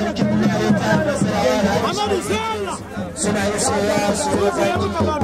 sarkin duniya ya ta da sarawa da suna yi soya su zo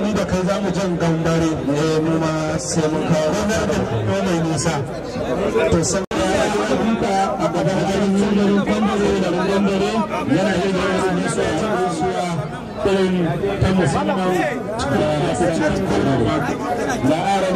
da ni da kai za mu jan gambare ne eh, mu ma sai mun kawo wannan da kuma mai nisa to san a gaban garin yin gambare da gambare yana yi da wasu nisuwa ta nisuwa irin ta musamman eh, da la'arar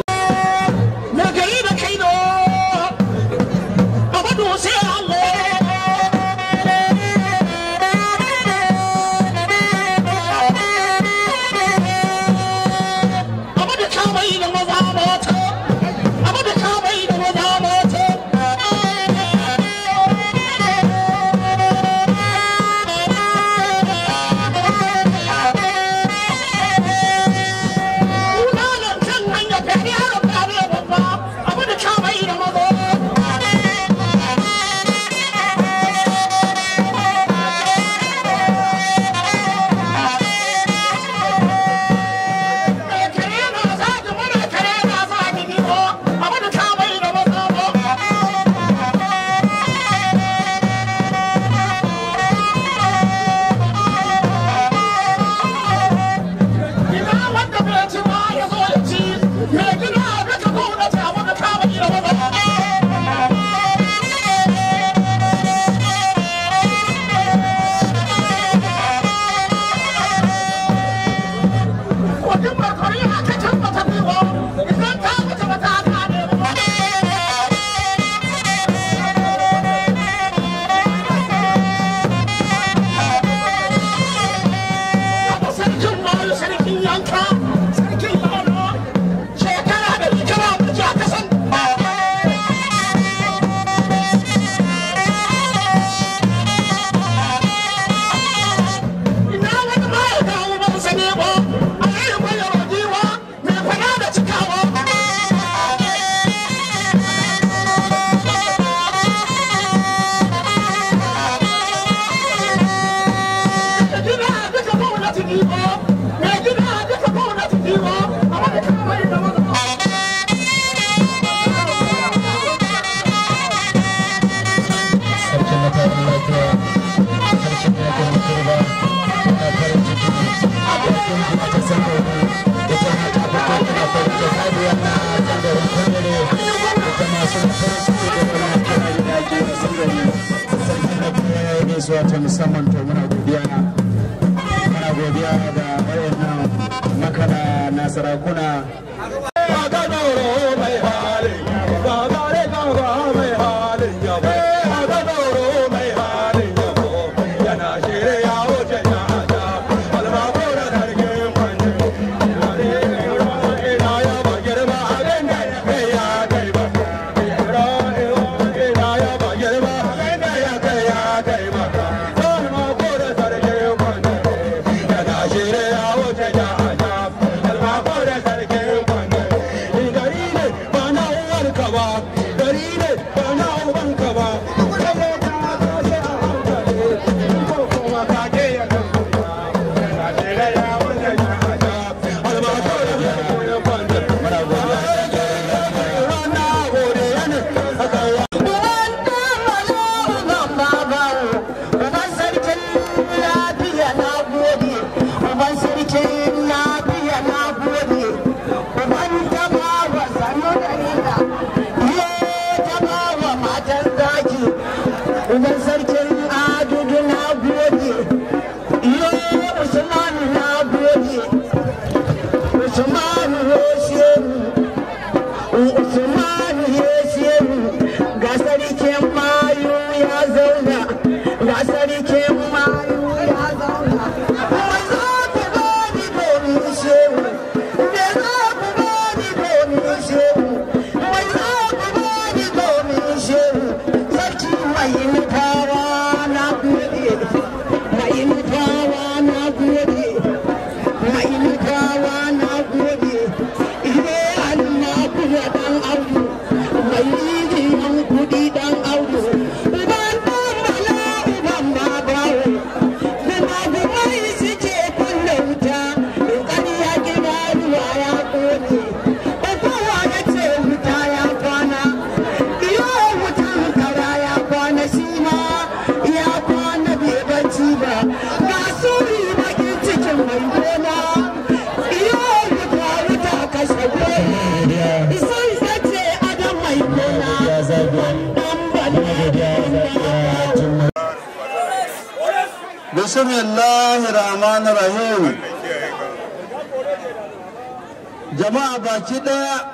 baki ɗaya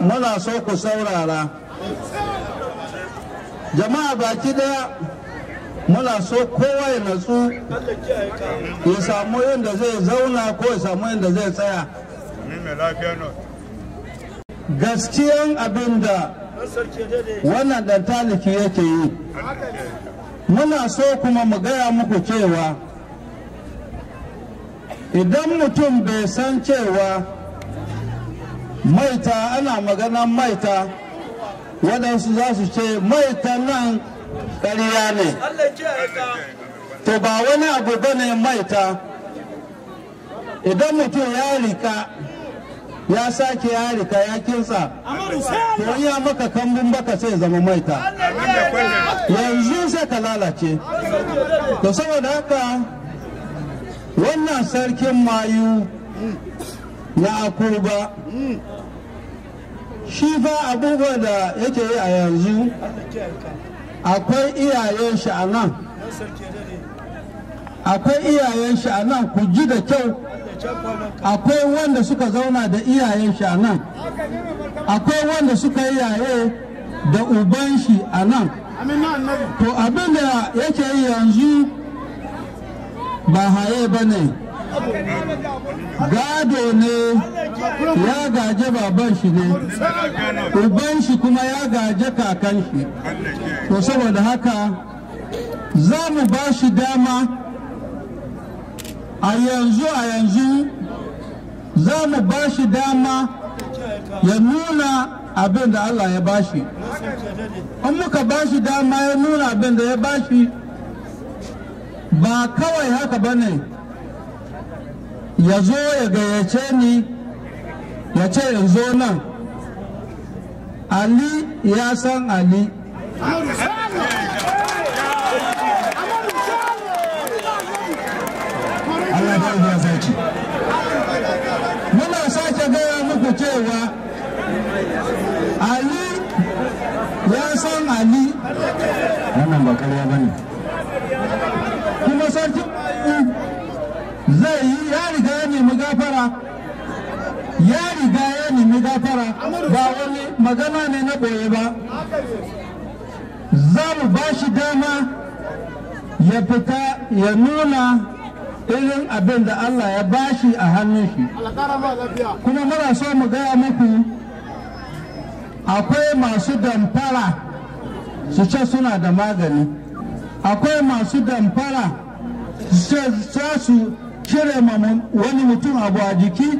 muna so ku saurara jama'a baki ɗaya muna so kowa ya natsu ya samu yadda zai zauna ko ya samu yadda zai tsaya gaskiyan abin da wannan ɗan taliki yake yi muna so kuma mu gaya muku cewa idan mutum bai san cewa maita ana maganan maita waɗansu za su ce maita nan ƙarya ne to ba wani abu ba ne maita idan mutum ya rika ya sake ya rika ya kinsa to ya maka kambun baka sai zama maita yanzu sai ka lalace to saboda haka wannan sarkin mayu ya shi fa abubuwan da yake yi a yanzu akwai iyayen shi a nan akwai iyayen shi a nan ku ji da kyau akwai wanda suka zauna da iyayen shi a nan akwai wanda suka yi yaye da uban shi a nan to abin da yake yi yanzu ba haye ba ne gado ne ya gaje baban shi ne uban shi kuma ya gaje kakan shi to saboda haka za mu ba shi dama a yanzu a yanzu za mu ba shi dama ya nuna abin da Allah ya ba shi in muka ba shi dama ya nuna abin da ya ba shi ba kawai haka ba ne ya zo ya gayyace ni ya ce zo nan ali ya san ali muna sake gaya muku cewa ali ya san ali wannan ba ba ne kuma sarki zai yi ya riga nemi gafara ya riga ya nemi gafara ba wani magana ne na boye ba za mu ba shi dama ya fita ya nuna irin abin da Allah ya bashi a hannun shi kuma mara so mu gaya muku akwai masu damfara su ce suna da magani akwai masu damfara su ce za su cire ma wani mutum abu a jiki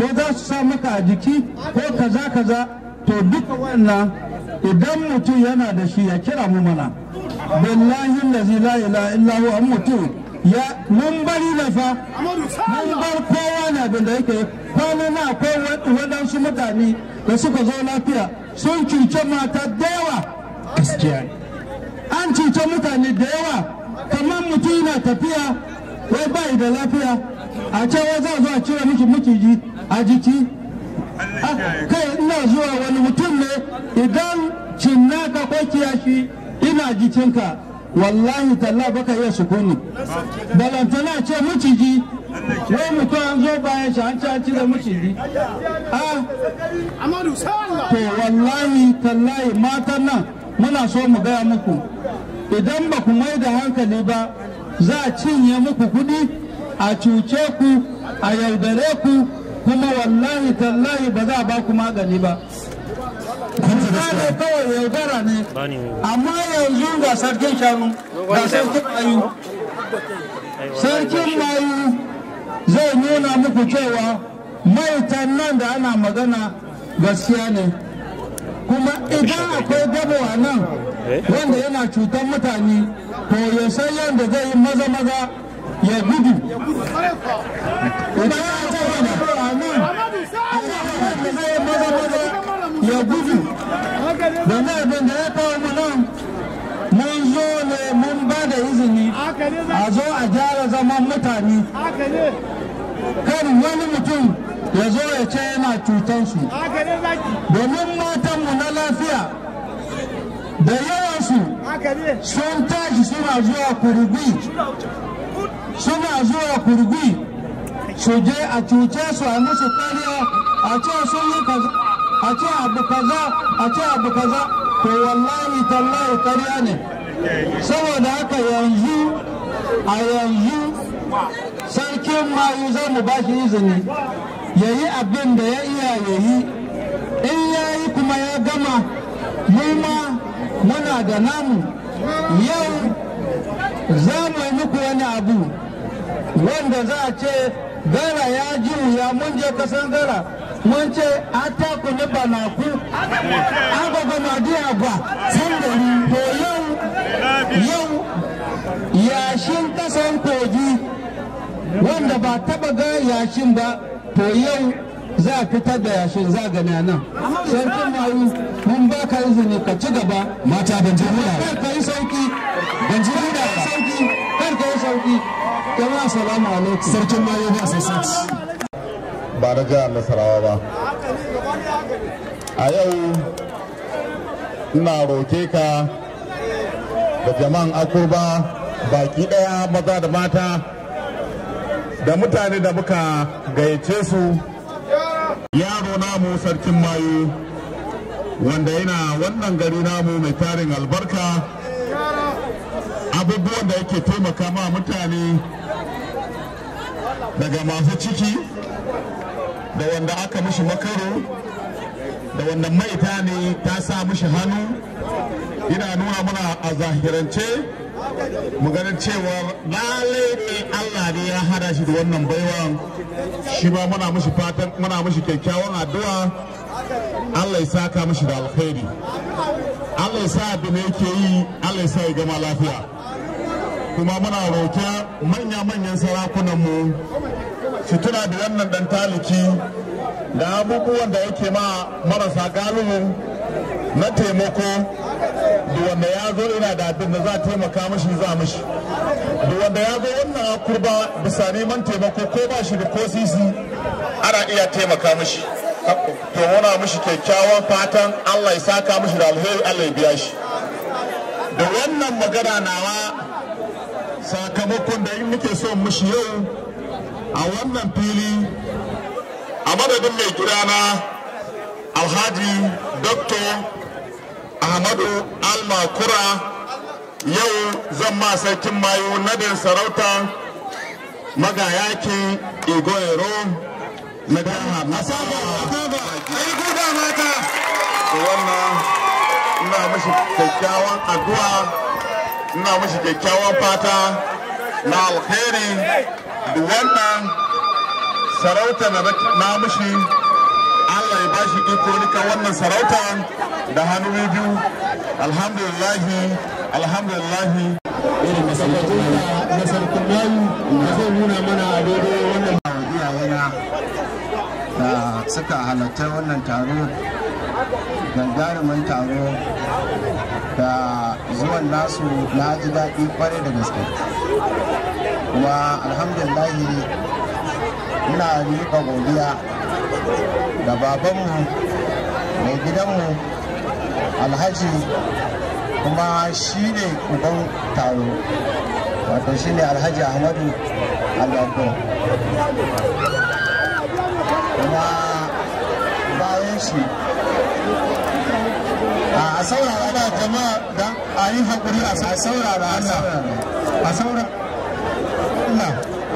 ko za su sa maka a jiki ko kaza kaza to duka wannan idan mutum yana da shi ya kira mu mana billahi lazi la ilaha illa huwa mutum ya mun bari da fa mun bar kowa na abin da yake kwana na akwai waɗansu mutane da suka zo lafiya sun cuce mata da yawa an cuce mutane da yawa kamar mutum yana tafiya wai bai da lafiya a can wai za a cire miki miki a jiki ah, kai ina zuwa wani mutum ne idan cinnaka ya kiyashi ina jikinka wallahi talla baka iya sukuni balantana ce miciji wai mutum an zo bayan shi an ci an ci da miciji to wallahi tallahi matan nan muna so mu gaya muku idan ba ku mai da hankali ba za a cinye muku kuɗi a cuce ku a yaudare ku kuma wallahi tallahi ba za a baku magani ba ne kawai yaudara ne amma yanzu ga sarkin shanu ga sarkin mayu sarkin mayu zai nuna muku cewa mai nan da ana magana gaskiya ne kuma idan akwai gabo a nan eh? wanda yana cutar mutane to ya san yadda zai yi maza maza ya gudu idan ya ce wani a nan a zai yi maza maza ya gudu domin abin da ya kawo mu nan mun zo ne mun ba da izini a zo a gyara zaman mutane kan wani mutum ya zo ya ce yana cutansu domin matanmu na lafiya da yawansu sun tashi suna zuwa kurgui suna zuwa kurgui su je a cuce su a musu kariya a ce sun yi kaza a ce abu kaza a ce abu kaza to wallahi tallahi kariya ne saboda haka yanzu a yanzu sarkin mayu zai mu ba shi izini ya yi abin da ya iya ya yi in ya yi kuma ya gama mu ma muna da namu yau za mu yi muku wani abu wanda za a ce gara ya ji wuya mun je kasan gara mun ce ataku ni banaku agwagwa madu agwa sandari to yau yau yashin kasan kogi wanda ba taba ga yashin ba to yau za a fitar da yashin zagana nan sarkin mayu mun ba ka izini ka ci gaba mata ban ji huda kar ka yi sauki ban ji huda sauki kar ka yi sauki jama'a salamu alaikum sarkin mayu ba sai sai ba na jihar nasarawa ba a yau ina roke ka da jama'an akurba baki daya maza da mata da mutane da muka gayyace su yaro namu sarkin mayu wanda yana wannan gari namu mai tarin albarka abubuwan da yake taimaka ma mutane daga masu ciki da wanda aka mishi makaro da wanda maita ne ta sa mishi hannu yana nuna mana a zahirance mu ganin cewa lalai ne Allah ne ya hada shi da wannan baiwa shi ba muna mishi fatan muna mishi kyakkyawan addu'a Allah ya saka mishi da alkhairi Allah ya sa abin da yake yi Allah ya sa ya gama lafiya kuma muna roƙe manya-manyan sarakunan mu su tuna da wannan dan taliki da abubuwan da yake ma marasa galihu na taimako da wanda ya zo ina da abin da za a taimaka mashi za mashi da wanda ya zo wannan akurba bisa neman taimako ko ba shi da ko sisi ana iya taimaka mashi to muna mashi kyakkyawan fatan allah ya saka mashi da alheri allah ya biya shi da wannan magana nawa sakamakon da in muke son mashi yau a wannan fili a madadin mai na alhaji Dr. ahmadu almakura yau zan ma sarkin mayu nadin sarauta magayaki igoyero na dama mata wannan ina mashi kyakkyawan addu'a ina mashi kyakkyawan fata na alkhairi da wannan sarauta na mashi Allah ya shi iko nika wannan sarauta da hannu biyu alhamdulillah alhamdulillah irin masarautar na sarkin layu da zai nuna mana a dodo wannan iyayena da suka halatta wannan taro gagarumin taro da zuwan nasu na ji daɗi kwarai da gaske kuma alhamdulillahi ina miƙa godiya da babanmu mai gidanmu alhaji kuma shi ne uban taro wato shi ne alhaji ahmadu alabdo kuma bayan shi a saurara da jama'a don a yi haƙuri a saurara a saurara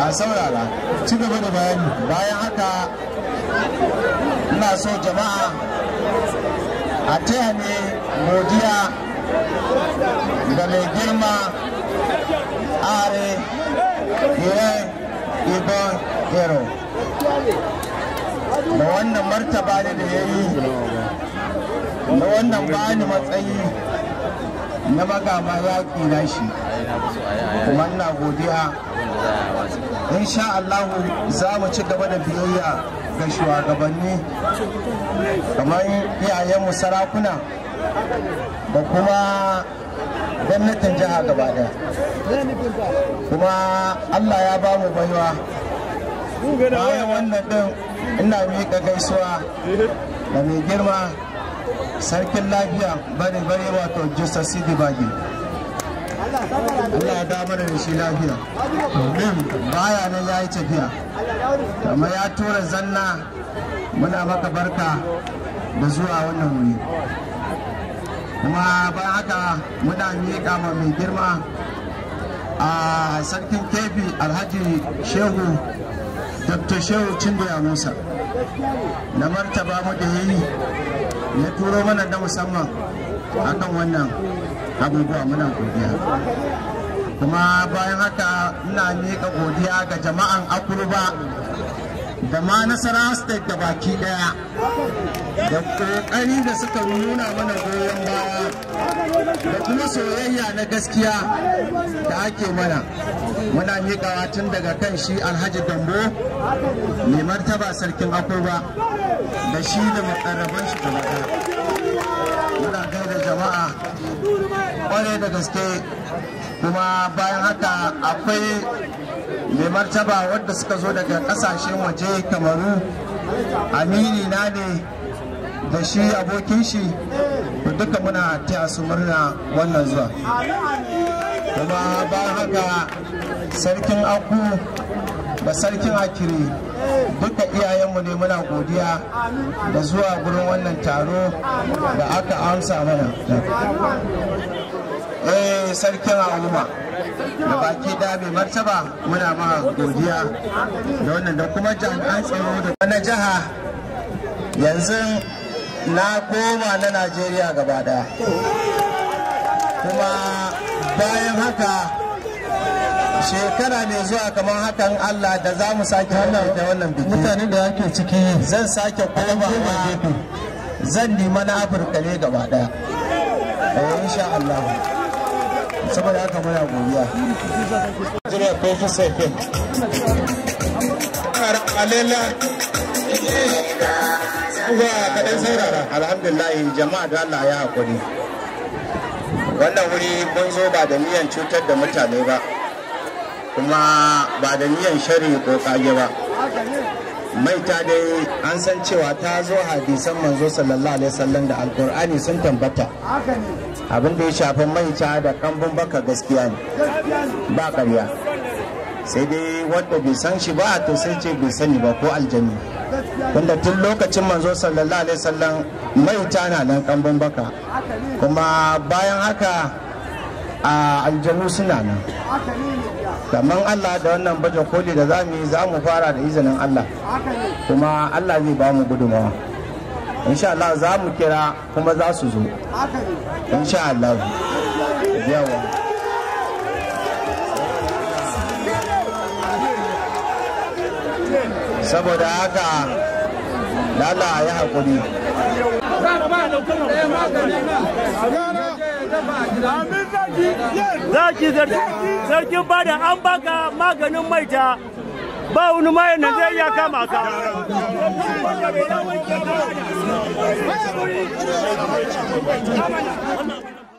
a saurara ci gaba da bayani bayan haka ina so jama'a a taya ne godiya ga mai girma are ire ibo hero da wannan martaba ne da ya yi da wannan bani matsayi na magama ya na shi kuma ina godiya insha Allahu za mu ci gaba da biyayya ga shugabanni kamar iyayenmu sarakuna da kuma gwamnatin jiha gaba daya kuma allah ya ba mu baiwa bayan wannan din ina miƙa gaisuwa da mai girma sarkin lafiya bari bari wato justa sidi bagi Allah ya damar da shi lafiya domin baya nan ya yi tafiya amma ya tura zanna muna maka barka da zuwa wannan wuri kuma ba haka muna miƙa ma mai girma a sarkin kefi alhaji shehu dr shehu cindoya musa na martaba mu da yayi ya turo mana na musamman a kan wannan abubuwa muna godiya kuma bayan haka ina miƙa godiya ga jama'an akurba da ma nasara state da baki daya da ƙoƙari da suka nuna mana goyon baya da kuma soyayya na gaskiya da ake mana muna miƙawa tun daga kan shi alhaji dambo mai martaba sarkin akurba da shi da makarraban shi gaba jama'a kwarai da gaske kuma bayan haka akwai mai martaba wadda suka zo daga kasashen waje kamaru amini na ne da shi abokin shi duka muna taya su murna wannan zuwa kuma bayan haka sarkin aku da sarkin hakiri duka iyayenmu ne muna godiya da zuwa gurin wannan taro da aka amsa mana eh sarkin al'umma da baki da martaba muna ma godiya da wannan da kuma jami'an tsaro da na jiha yanzu na koma na najeriya gaba daya kuma bayan haka shekara mai zuwa kamar hakan Allah da za mu sake da wannan biki mutane da yake ciki zan sake ba zan nima na Afirka ne gaba daya eh insha Allah saboda haka muna godiya jira ko fi sai alela saurara alhamdulillah jama'a da Allah ya haƙuri wannan wuri mun zo ba da niyan cutar da mutane ba kuma ba da niyan shari ko kage ba maita dai an san cewa ta zo hadisan manzo sallallahu alaihi wasallam da alkur'ani sun tambata abin da ya shafi maita da kambun baka gaskiya ne ba ƙarya sai dai wanda bai san shi ba to sai ce bai sani ba ko aljani wanda tun lokacin manzo sallallahu alaihi wasallam maita na nan kambun baka kuma bayan haka a aljanu suna nan kamar allah da wannan baje koli da za mu yi za fara da izinin allah kuma allah zai ba mu gudunmawa insha allah za mu kira kuma za su zo insha allah yawa saboda haka lala ya haƙuri zaki sarkin bada an baka maganin maita ba wani mayan da zai iya kama ka